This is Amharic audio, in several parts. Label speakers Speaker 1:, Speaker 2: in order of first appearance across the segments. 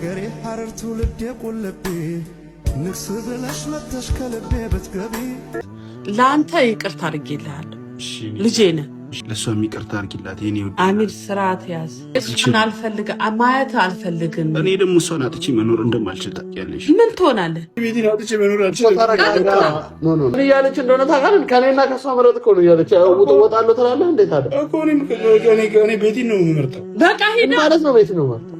Speaker 1: ሀገሬ ሀረር ትውልዴ ቁልቤ ንግስ ብለሽ መተሽ ከልቤ ብትገቢ ለአንተ ይቅርታ አድርጌልሃለሁ። ልጄ ነህ።
Speaker 2: ለእሷም ይቅርታ አድርጊላት። ኔ
Speaker 1: አሚር ስርዓት ያዝ። እሱን አልፈልግ ማየት አልፈልግም።
Speaker 2: እኔ ደግሞ እሷን አጥቼ መኖር እንደማልችል ታውቂያለሽ።
Speaker 1: ምን ትሆናለህ?
Speaker 2: ቤቴን አጥቼ መኖር አልችልም
Speaker 3: እያለች እንደሆነ ታውቃለህ። ከእኔና ከእሷ ምረጥ እኮ ነው እያለች ውጡ ወጣለሁ ትላለህ። እንዴት አለ
Speaker 2: እኮ እኔ ቤቴን ነው የምመርጠው።
Speaker 1: በቃ ሂድ
Speaker 3: ማለት ነው ቤት ነው የምመርጠው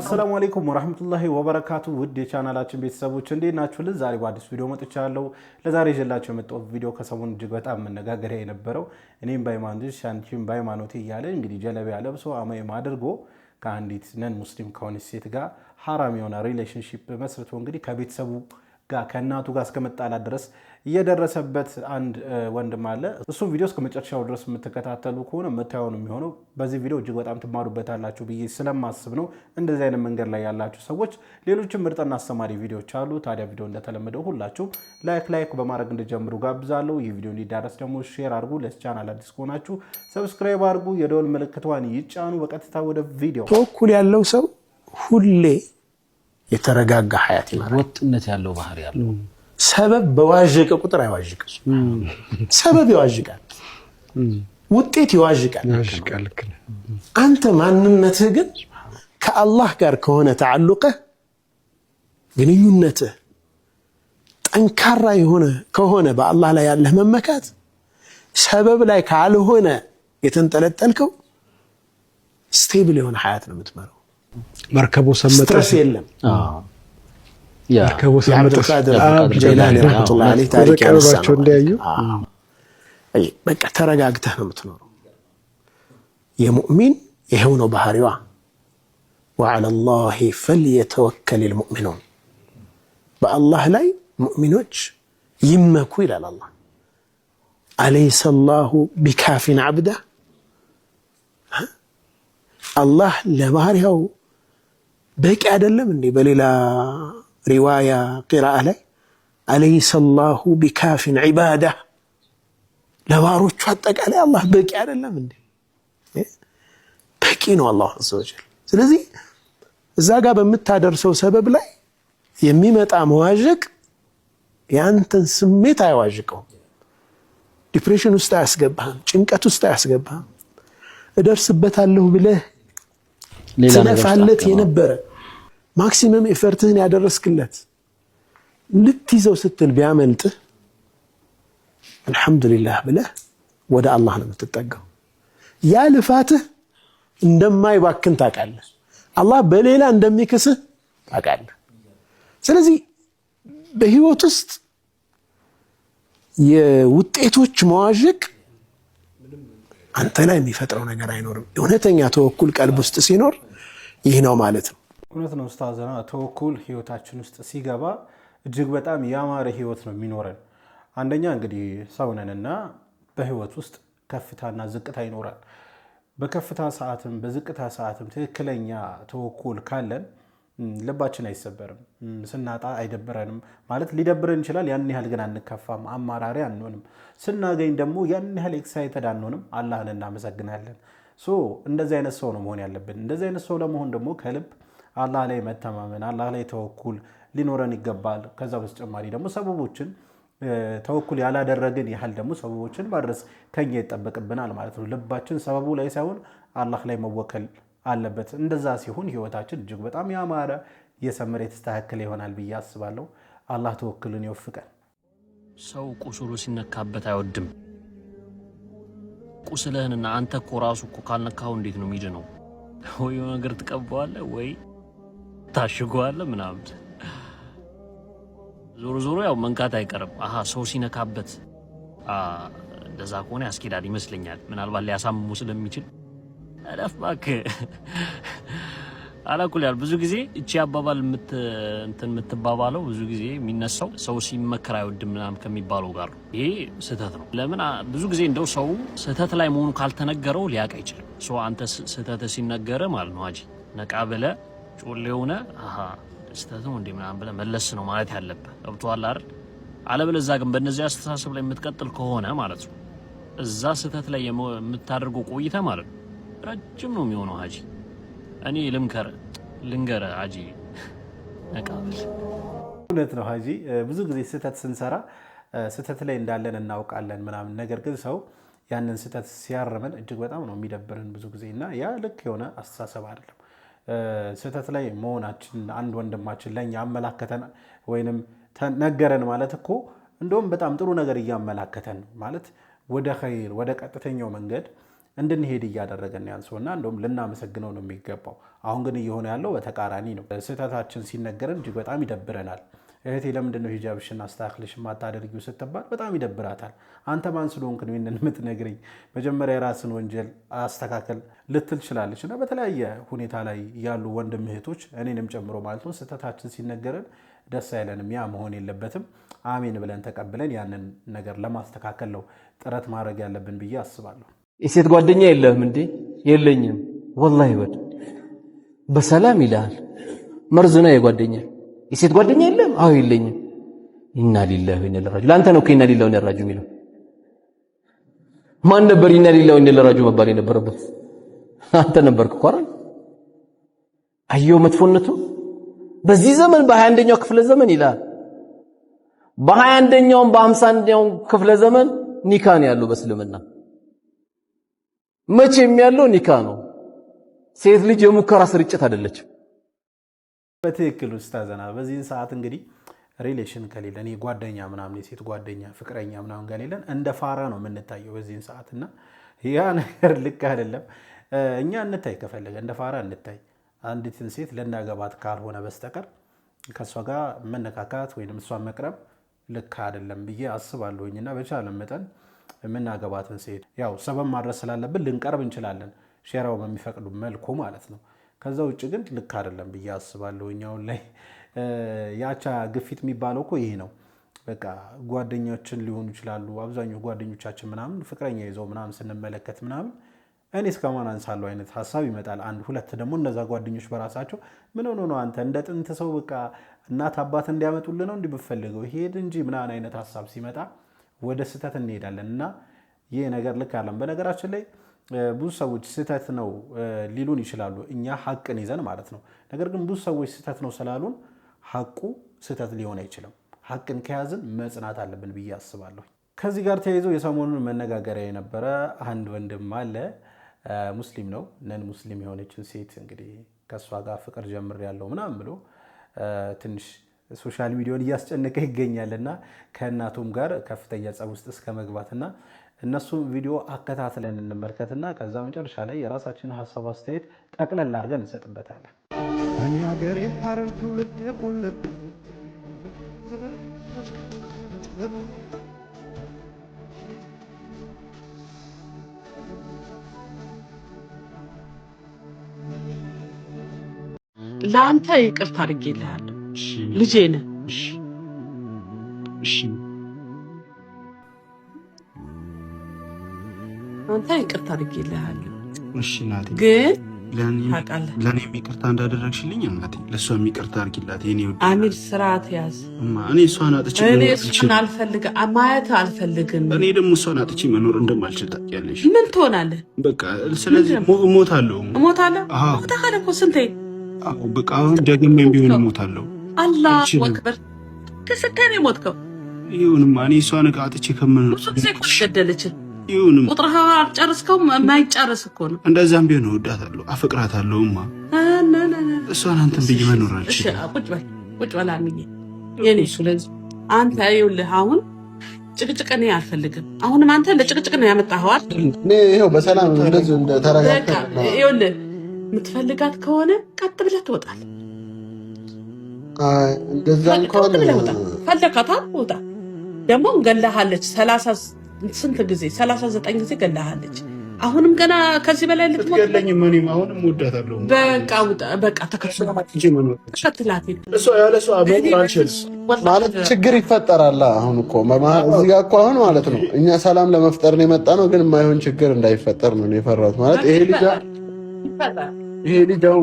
Speaker 1: አሰላሙ አሌይኩም ወራህመቱላሂ ወበረካቱ። ውድ የቻናላችን ቤተሰቦች እንዴት ናችሁልን? ዛሬ በአዲስ ቪዲዮ መጥቻለሁ። ለዛሬ ይዤላችሁ የመጣሁት ቪዲዮ ከሰሞኑ እጅግ በጣም መነጋገሪያ የነበረው እኔም በሃይማኖትሽ አንቺም በሃይማኖቴ እያለ እንግዲህ ጀለቢያ ለብሶ አመም አድርጎ ከአንዲት ነን ሙስሊም ከሆነች ሴት ጋር ሀራም የሆነ ሪሌሽንሺፕ መስርቶ እንግዲህ ከቤተሰቡ ጋር ከእናቱ ጋር እስከመጣላት ድረስ እየደረሰበት አንድ ወንድም አለ። እሱም ቪዲዮ እስከመጨረሻው ድረስ የምትከታተሉ ከሆነ የምታየው የሚሆነው። በዚህ ቪዲዮ እጅግ በጣም ትማሩበታላችሁ ብዬ ስለማስብ ነው። እንደዚህ አይነት መንገድ ላይ ያላችሁ ሰዎች ሌሎችም ምርጥና አስተማሪ ቪዲዮዎች አሉ። ታዲያ ቪዲዮ እንደተለመደው ሁላችሁም ላይክ ላይክ በማድረግ እንዲጀምሩ ጋብዛለሁ። ይህ ቪዲዮ እንዲዳረስ ደግሞ ሼር አድርጉ። ለዚህ ቻናል አዲስ ከሆናችሁ ሰብስክራይብ አድርጉ። የደወል ምልክቷን ይጫኑ። በቀጥታ ወደ ቪዲዮ በኩል ያለው ሰው ሁሌ የተረጋጋ ሀያት ይመራል። ወጥነት ያለው ባህሪ ያለው ሰበብ በዋዥቀ ቁጥር አይዋዥቅ። ሰበብ ይዋዥቃል፣ ውጤት ይዋዥቃል። አንተ ማንነትህ ግን ከአላህ ጋር ከሆነ ተዓሉቀህ ግንኙነትህ ጠንካራ የሆነ ከሆነ በአላህ ላይ ያለህ መመካት ሰበብ ላይ ካልሆነ የተንጠለጠልከው ስቴብል የሆነ ሀያት ነው የምትመራው። መርከቦ ሰመጠ የለም። መርከቦ ሰመጠ እንዲያዩ በቃ ተረጋግተህ ነው የምትኖረው። የሙእሚን ይሄው ነው ባህሪዋ። ወዓላ ላሂ ፈልየተወከል ልሙእሚኑን በአላህ ላይ ሙእሚኖች ይመኩ ይላል አላ አለይሰ ላሁ ቢካፊን አብዳ አላህ ለባህሪያው በቂ አይደለም እንዴ? በሌላ ሪዋያ ቂራአ ላይ አለይሰ ላሁ ቢካፊን ዒባዳ ለባሮቹ አጠቃላይ አላህ በቂ አይደለም እንዴ? በቂ ነው አላሁ አዘ ወጀል። ስለዚህ እዛ ጋር በምታደርሰው ሰበብ ላይ የሚመጣ መዋዠቅ የአንተን ስሜት አያዋዥቀውም። ዲፕሬሽን ውስጥ አያስገባህም። ጭንቀት ውስጥ አያስገባህም። እደርስበታለሁ ብለህ ትነፋለት የነበረ ማክሲመም ኤፈርትህን ያደረስክለት ልትይዘው ስትል ቢያመልጥህ አልሐምዱሊላህ ብለህ ወደ አላህ ነው የምትጠጋው። ያ ልፋትህ እንደማይባክን ታውቃለህ። አላህ በሌላ እንደሚክስህ ታውቃለህ። ስለዚህ በህይወት ውስጥ የውጤቶች መዋዥቅ አንተ ላይ የሚፈጥረው ነገር አይኖርም። እውነተኛ ተወኩል ቀልብ ውስጥ ሲኖር ይህ ነው ማለት ነው። እውነት ነው ስታዘና ተወኩል ህይወታችን ውስጥ ሲገባ እጅግ በጣም ያማረ ህይወት ነው የሚኖረን። አንደኛ እንግዲህ ሰውነንና በህይወት ውስጥ ከፍታና ዝቅታ ይኖራል። በከፍታ ሰዓትም በዝቅታ ሰዓትም ትክክለኛ ተወኩል ካለን ልባችን አይሰበርም፣ ስናጣ አይደብረንም። ማለት ሊደብረን ይችላል፣ ያን ያህል ግን አንከፋም፣ አማራሪ አንሆንም። ስናገኝ ደግሞ ያን ያህል ኤክሳይተድ አንሆንም። አላህን እናመሰግናለን። ሶ እንደዚህ አይነት ሰው ነው መሆን ያለብን። እንደዚህ አይነት ሰው ለመሆን ደግሞ ከልብ አላህ ላይ መተማመን፣ አላህ ላይ ተወኩል ሊኖረን ይገባል። ከዛ በተጨማሪ ደግሞ ሰበቦችን ተወኩል ያላደረግን ያህል ደግሞ ሰበቦችን ማድረስ ከኛ ይጠበቅብናል ማለት ነው። ልባችን ሰበቡ ላይ ሳይሆን አላህ ላይ መወከል አለበት። እንደዛ ሲሆን ህይወታችን እጅግ በጣም ያማረ የሰመረ የተስተካከለ ይሆናል ብዬ አስባለሁ። አላህ ተወክልን ይወፍቀን። ሰው ቁስሉ ሲነካበት አይወድም። ቁስልህንና አንተ እኮ ራሱ እኮ ካልነካው እንዴት ነው ሚድ ነው ወይ ነገር ትቀባዋለህ ወይ ታሽገዋለህ ምናምን። ዞሮ ዞሮ ያው መንካት አይቀርም። አሀ ሰው ሲነካበት እንደዛ ከሆነ ያስኬዳል ይመስለኛል። ምናልባት ሊያሳምሙ ስለሚችል እረፍ አላኩልያል ብዙ ጊዜ እቺ አባባል እንትን የምትባባለው ብዙ ጊዜ የሚነሳው ሰው ሲመከር አይወድ ምናምን ከሚባለው ጋር ነው። ይሄ ስህተት ነው። ለምን ብዙ ጊዜ እንደው ሰው ስህተት ላይ መሆኑ ካልተነገረው ሊያውቅ አይችልም። ሰው አንተ ስህተት ሲነገረ ማለት ነው አጂ ነቃ ብለ ጮሌ የሆነ ስህተት ነው እንዴ ምናም ብለ መለስ ነው ማለት ያለብህ ገብቶሃል አይደል? አለበለዚያ ግን በእነዚህ አስተሳሰብ ላይ የምትቀጥል ከሆነ ማለት ነው እዛ ስህተት ላይ የምታደርገው ቆይተ ማለት ነው ረጅም ነው የሚሆነው ሀጂ። እኔ ልምከር ልንገረ ሀጂ ነቃብል። እውነት ነው ሀጂ። ብዙ ጊዜ ስህተት ስንሰራ ስህተት ላይ እንዳለን እናውቃለን ምናምን፣ ነገር ግን ሰው ያንን ስህተት ሲያርመን እጅግ በጣም ነው የሚደብርን ብዙ ጊዜ እና ያ ልክ የሆነ አስተሳሰብ አይደለም። ስህተት ላይ መሆናችን አንድ ወንድማችን ለእኛ አመላከተን ወይንም ተነገረን ማለት እኮ እንደውም በጣም ጥሩ ነገር እያመላከተን ማለት ወደ ኸይር ወደ ቀጥተኛው መንገድ እንድንሄድ እያደረገን ያንሰውና እንደውም ልናመሰግነው ነው የሚገባው። አሁን ግን እየሆነ ያለው በተቃራኒ ነው። ስህተታችን ሲነገረን እጅግ በጣም ይደብረናል። እህቴ ለምንድን ነው ሂጃብሽን አስተካክልሽ የማታደርጊው ስትባል በጣም ይደብራታል። አንተ ማን ስለሆንክ ነው ይህንን የምትነግረኝ? መጀመሪያ የራስን ወንጀል አስተካከል ልትል ችላለች። እና በተለያየ ሁኔታ ላይ ያሉ ወንድም እህቶች እኔንም ጨምሮ ማለት ነው ስህተታችን ሲነገረን ደስ አይለንም። ያ መሆን የለበትም። አሜን ብለን ተቀብለን ያንን ነገር ለማስተካከል ነው ጥረት ማድረግ ያለብን ብዬ አስባለሁ። የሴት ጓደኛ የለህም እንዴ? የለኝም። ወላሂ በል በሰላም ይልሃል። መርዝና የጓደኛ የሴት ጓደኛ የለም? አዎ የለኝም። ኢና ሊላሂ ወኢና ኢለይሂ ራጂዑን። አንተ ነው እኮ ኢና ሊላሂ ወኢና ኢለይሂ ራጂዑን የሚለው። ማን ነበር ኢና ሊላሂ ወኢና ኢለይሂ ራጂዑን መባል የነበረበት? አንተ ነበርክ እኮ አይደል? አየው መጥፎነቱ። በዚህ ዘመን በሀያ አንደኛው ክፍለ ዘመን ይላል። በሀያ አንደኛውም በሀምሳ አንደኛውም ክፍለ ዘመን ኒካን ያለው በእስልምና መቼም ያለው ኒካ ነው። ሴት ልጅ የሙከራ ስርጭት አይደለችም። በትክክል ኡስታዘና፣ በዚህን ሰዓት እንግዲህ ሪሌሽን ከሌለን ጓደኛ ምናምን የሴት ጓደኛ ፍቅረኛ ምናምን ከሌለን እንደ ፋራ ነው የምንታየው በዚህን ሰዓት እና ያ ነገር ልክ አይደለም። እኛ እንታይ ከፈለገ እንደ ፋራ እንታይ አንዲትን ሴት ልናገባት ካልሆነ በስተቀር ከእሷ ጋር መነካካት ወይም እሷን መቅረብ ልክ አይደለም ብዬ አስባለሁኝ እና በቻለ መጠን የምናገባትን ሴት ያው ሰበብ ማድረስ ስላለብን ልንቀርብ እንችላለን፣ ሼራው በሚፈቅዱ መልኩ ማለት ነው። ከዛ ውጭ ግን ልክ አይደለም ብዬ አስባለሁ። እኛውን ላይ የአቻ ግፊት የሚባለው እኮ ይሄ ነው። በቃ ጓደኞችን ሊሆኑ ይችላሉ። አብዛኛው ጓደኞቻችን ምናምን ፍቅረኛ ይዘው ምናምን ስንመለከት ምናምን እኔ እስከማን አንሳለሁ አይነት ሀሳብ ይመጣል። አንድ ሁለት ደግሞ እነዛ ጓደኞች በራሳቸው ምን ሆኖ ነው አንተ እንደ ጥንት ሰው በቃ እናት አባት እንዲያመጡልህ ነው እንዲህ ብፈልገው ሄድ እንጂ ምናምን አይነት ሀሳብ ሲመጣ ወደ ስህተት እንሄዳለን እና ይህ ነገር ልክ አለም። በነገራችን ላይ ብዙ ሰዎች ስህተት ነው ሊሉን ይችላሉ፣ እኛ ሀቅን ይዘን ማለት ነው። ነገር ግን ብዙ ሰዎች ስህተት ነው ስላሉን ሀቁ ስህተት ሊሆን አይችልም። ሀቅን ከያዝን መጽናት አለብን ብዬ አስባለሁ። ከዚህ ጋር ተያይዞ የሰሞኑን መነጋገሪያ የነበረ አንድ ወንድም አለ። ሙስሊም ነው። ነን ሙስሊም የሆነችን ሴት እንግዲህ ከእሷ ጋር ፍቅር ያለው ምናምን ብሎ ትንሽ ሶሻል ሚዲያውን እያስጨነቀ ይገኛል እና ከእናቱም ጋር ከፍተኛ ጸብ ውስጥ እስከ መግባትና እነሱም ቪዲዮ አከታትለን እንመልከትና ከዛ መጨረሻ ላይ የራሳችን ሀሳብ አስተያየት ጠቅለል አድርገን እንሰጥበታለን። እኔ ትውልድ ለአንተ ይቅርታ አድርጌልሃለሁ ልጄን አንተ ይቅርታ አድርጌልሃለሁ። ግን ታውቃለህ፣ እንዳደረግሽልኝ እናቴ አድርጊላት። ኔ አሚር ስርዓት ያዝ። እኔ እሷን አጥቼ ማየት አልፈልግም። እኔ ደግሞ እሷን አጥቼ መኖር እንደማልችል ታውቂያለሽ። ምን ትሆናለህ? በቃ ስለዚህ ስንቴ። በቃ ደግሜም ቢሆን አላህ ወክበር ተሰካይ ነው የሞትከው። ይሁንማ እኔ እሷን ዕቃ አጥቼ ከምን ብዙ ጊዜ እኮ ገደለችን። ይሁንም ቁጥርህ አልጨረስከውም። የማይጨርስ እኮ ነው። እንደዛም ቢሆን እወዳታለሁ፣ አፈቅራታለሁማ እሷን አንተን ብዬ መኖር አልችልም። ቁጭ በላ ሚዬ የኔ። ስለዚህ አንተ ይኸውልህ አሁን ጭቅጭቅ እኔ አልፈልግም። አሁንም አንተ ለጭቅጭቅ ነው ያመጣኸው አይደል? ይኸው በሰላም እንደዚህ ተረጋግተህ ይኸውልህ የምትፈልጋት ከሆነ ቀጥ ብለህ ትወጣለህ። እንደዛ እንኳን ፈለካታ ውጣ። ደግሞ ገላሃለች። ስንት ጊዜ ሰላሳ ዘጠኝ ጊዜ ገላሃለች። አሁንም ገና ከዚህ በላይ ልትሞትለኝ በቃ ማለት ችግር ይፈጠራል። አሁን እኮ እዚህ ጋ እኮ አሁን ማለት ነው እኛ ሰላም ለመፍጠር ነው የመጣ ነው፣ ግን የማይሆን ችግር እንዳይፈጠር ነው የፈራሁት። ማለት ይሄ ልጅ አሁን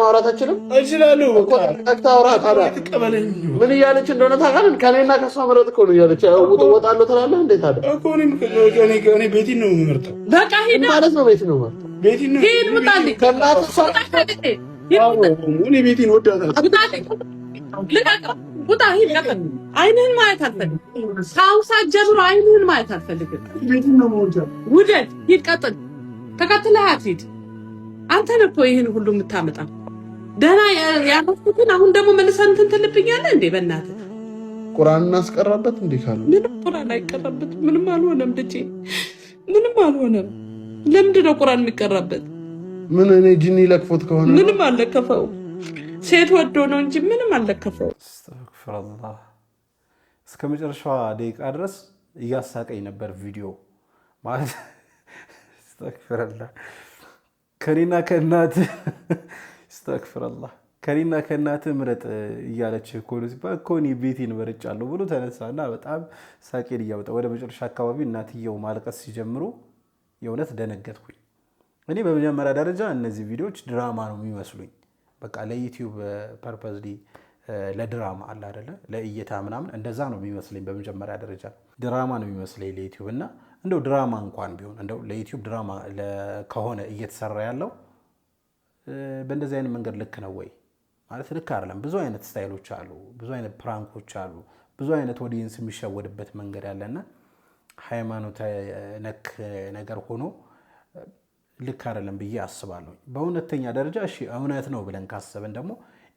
Speaker 1: ማውራት ምን እያለች እንደሆነ ታውቃለህ? እኮ ነው እያለች እወጣለሁ ትላለህ። እንዴት እኮ እኔ ቤቲን ነው የምመርጠው። በቃ ሂድ ማለት ነው። ቤቲን ነው የምመርጠው። ቤቲን ነው ሂድ፣ እሷ እኔ ቤቲን ወዳታለሁ። አይንህን ማየት አልፈልግም። ጀምሮ አይንህን ማየት አልፈልግም። ውደድ፣ ሂድ፣ ቀጥል፣ አንተን እኮ ይህን ሁሉ የምታመጣ ደህና ያረፍኩትን አሁን ደግሞ መልሰን እንትን ትልብኛለህ እንዴ? በእናትህ ቁርአን እናስቀራበት እንዴ? ካሉ ምንም ቁርአን አይቀራበት። ምንም አልሆነም ልጄ፣ ምንም አልሆነም። ለምንድን ነው ቁርአን የሚቀራበት? ምን እኔ ጂኒ ለክፎት ከሆነ ምንም አለከፈው። ሴት ወዶ ነው እንጂ ምንም አለከፈው። እስከ መጨረሻዋ ደቂቃ ድረስ እያሳቀኝ ነበር ቪዲዮ ማለት አስተግፍሩላህ ከኔና ከእናት ስተክፍረላ ከኔና ከእናት ምረጥ እያለች እኮ ሲባል እኮ እኔ ቤቴን መርጫለሁ ብሎ ተነሳና በጣም ሳቄን እያወጣ ወደ መጨረሻ አካባቢ እናትየው ማልቀስ ሲጀምሩ የእውነት ደነገጥኩኝ። እኔ በመጀመሪያ ደረጃ እነዚህ ቪዲዮዎች ድራማ ነው የሚመስሉኝ። በቃ ለዩቲዩብ ፐርፐዝ ለድራማ አለ አይደለ፣ ለእይታ ምናምን እንደዛ ነው የሚመስለኝ። በመጀመሪያ ደረጃ ድራማ ነው የሚመስለኝ ለዩቲዩብ እና እንደው ድራማ እንኳን ቢሆን እንደው ለዩቲዩብ ድራማ ከሆነ እየተሰራ ያለው በእንደዚህ አይነት መንገድ ልክ ነው ወይ ማለት ልክ አይደለም። ብዙ አይነት ስታይሎች አሉ፣ ብዙ አይነት ፕራንኮች አሉ፣ ብዙ አይነት ኦዲየንስ የሚሸወድበት መንገድ ያለና ሃይማኖት ነክ ነገር ሆኖ ልክ አይደለም ብዬ አስባለሁ። በሁለተኛ ደረጃ እሺ እውነት ነው ብለን ካሰብን ደግሞ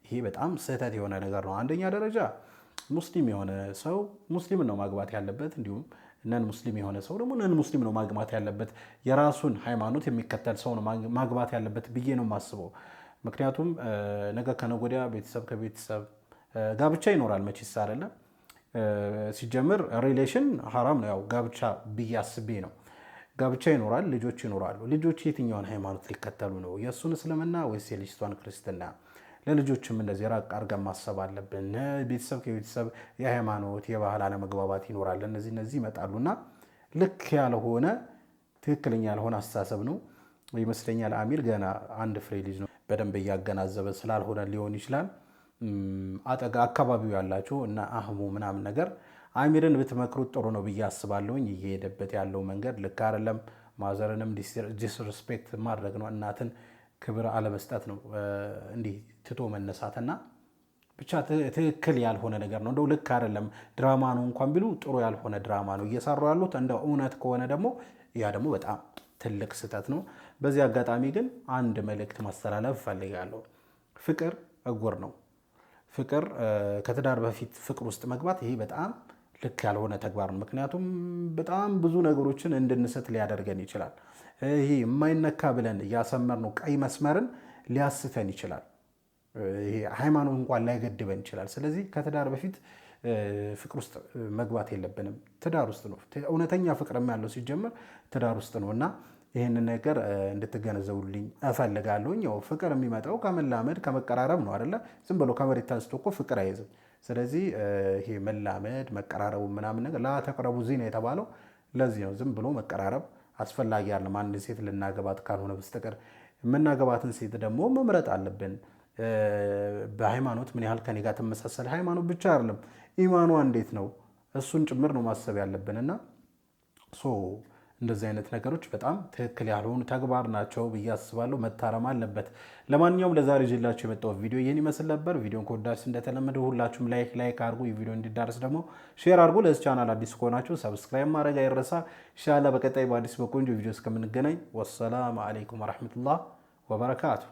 Speaker 1: ይሄ በጣም ስህተት የሆነ ነገር ነው። አንደኛ ደረጃ ሙስሊም የሆነ ሰው ሙስሊምን ነው ማግባት ያለበት እንዲሁም ነን ሙስሊም የሆነ ሰው ደግሞ ነን ሙስሊም ነው ማግባት ያለበት፣ የራሱን ሃይማኖት የሚከተል ሰው ነው ማግባት ያለበት ብዬ ነው የማስበው። ምክንያቱም ነገ ከነጎዳ ቤተሰብ ከቤተሰብ ጋብቻ ይኖራል መቼስ አይደለ? ሲጀምር ሪሌሽን ሀራም ነው ያው ጋብቻ ብዬ አስቤ ነው። ጋብቻ ይኖራል፣ ልጆች ይኖራሉ። ልጆች የትኛውን ሃይማኖት ሊከተሉ ነው? የእሱን እስልምና ወይስ የልጅቷን ክርስትና? ለልጆችም እንደዚህ ራቅ አድርገን ማሰብ አለብን። ቤተሰብ ከቤተሰብ የሃይማኖት የባህል አለመግባባት ይኖራል። እነዚህ እነዚህ ይመጣሉና ልክ ያልሆነ ትክክለኛ ያልሆነ አስተሳሰብ ነው ይመስለኛል። አሚር ገና አንድ ፍሬ ልጅ ነው። በደንብ እያገናዘበ ስላልሆነ ሊሆን ይችላል። አጠጋ አካባቢው ያላቸው እና አህሙ ምናምን ነገር አሚርን ብትመክሩት ጥሩ ነው ብዬ አስባለሁኝ። እየሄደበት ያለው መንገድ ልክ አይደለም። ማዘርንም ዲስሪስፔክት ማድረግ ነው። እናትን ክብር አለመስጠት ነው። እንዲህ ትቶ መነሳትና ብቻ ትክክል ያልሆነ ነገር ነው። እንደው ልክ አይደለም ድራማ ነው እንኳን ቢሉ ጥሩ ያልሆነ ድራማ ነው እየሰሩ ያሉት። እንደ እውነት ከሆነ ደግሞ ያ ደግሞ በጣም ትልቅ ስህተት ነው። በዚህ አጋጣሚ ግን አንድ መልእክት ማስተላለፍ እፈልጋለሁ። ፍቅር እጉር ነው። ፍቅር ከትዳር በፊት ፍቅር ውስጥ መግባት ይሄ በጣም ልክ ያልሆነ ተግባር ነው። ምክንያቱም በጣም ብዙ ነገሮችን እንድንስት ሊያደርገን ይችላል። ይሄ የማይነካ ብለን እያሰመርነው ቀይ መስመርን ሊያስተን ይችላል። ሃይማኖት እንኳን ላይገድበን ይችላል። ስለዚህ ከትዳር በፊት ፍቅር ውስጥ መግባት የለብንም። ትዳር ውስጥ ነው እውነተኛ ፍቅርም ያለው ሲጀምር ትዳር ውስጥ ነው እና ይህንን ነገር እንድትገነዘቡልኝ እፈልጋለሁኝ። ያው ፍቅር የሚመጣው ከመላመድ ከመቀራረብ ነው አይደለ? ዝም ብሎ ከመሬት ተነስቶ እኮ ፍቅር አይዝም ስለዚህ ይሄ መላመድ መቀራረቡ ምናምን ነገር ላተቅረቡ ዚና የተባለው ለዚህ ነው። ዝም ብሎ መቀራረብ አስፈላጊ አይደለም። አንድ ሴት ልናገባት ካልሆነ በስተቀር የምናገባትን ሴት ደግሞ መምረጥ አለብን። በሃይማኖት ምን ያህል ከኔ ጋር ሃይማኖት ብቻ አይደለም ኢማኗ እንዴት ነው፣ እሱን ጭምር ነው ማሰብ ያለብን እና እንደዚህ አይነት ነገሮች በጣም ትክክል ያልሆኑ ተግባር ናቸው ብዬ አስባለሁ። መታረም አለበት። ለማንኛውም ለዛሬ ይዤላችሁ የመጣሁት ቪዲዮ ይህን ይመስል ነበር። ቪዲዮን ከወዳችሁ እንደተለመደው ሁላችሁም ላይክ ላይክ አድርጉ። ቪዲዮ እንዲዳረስ ደግሞ ሼር አድርጉ። ለዚህ ቻናል አዲስ ከሆናችሁ ሰብስክራይብ ማድረግ አይረሳ። ኢንሻላህ በቀጣይ በአዲስ በቆንጆ ቪዲዮ እስከምንገናኝ ወሰላም አሌይኩም ወረሕመቱላህ ወበረካቱ።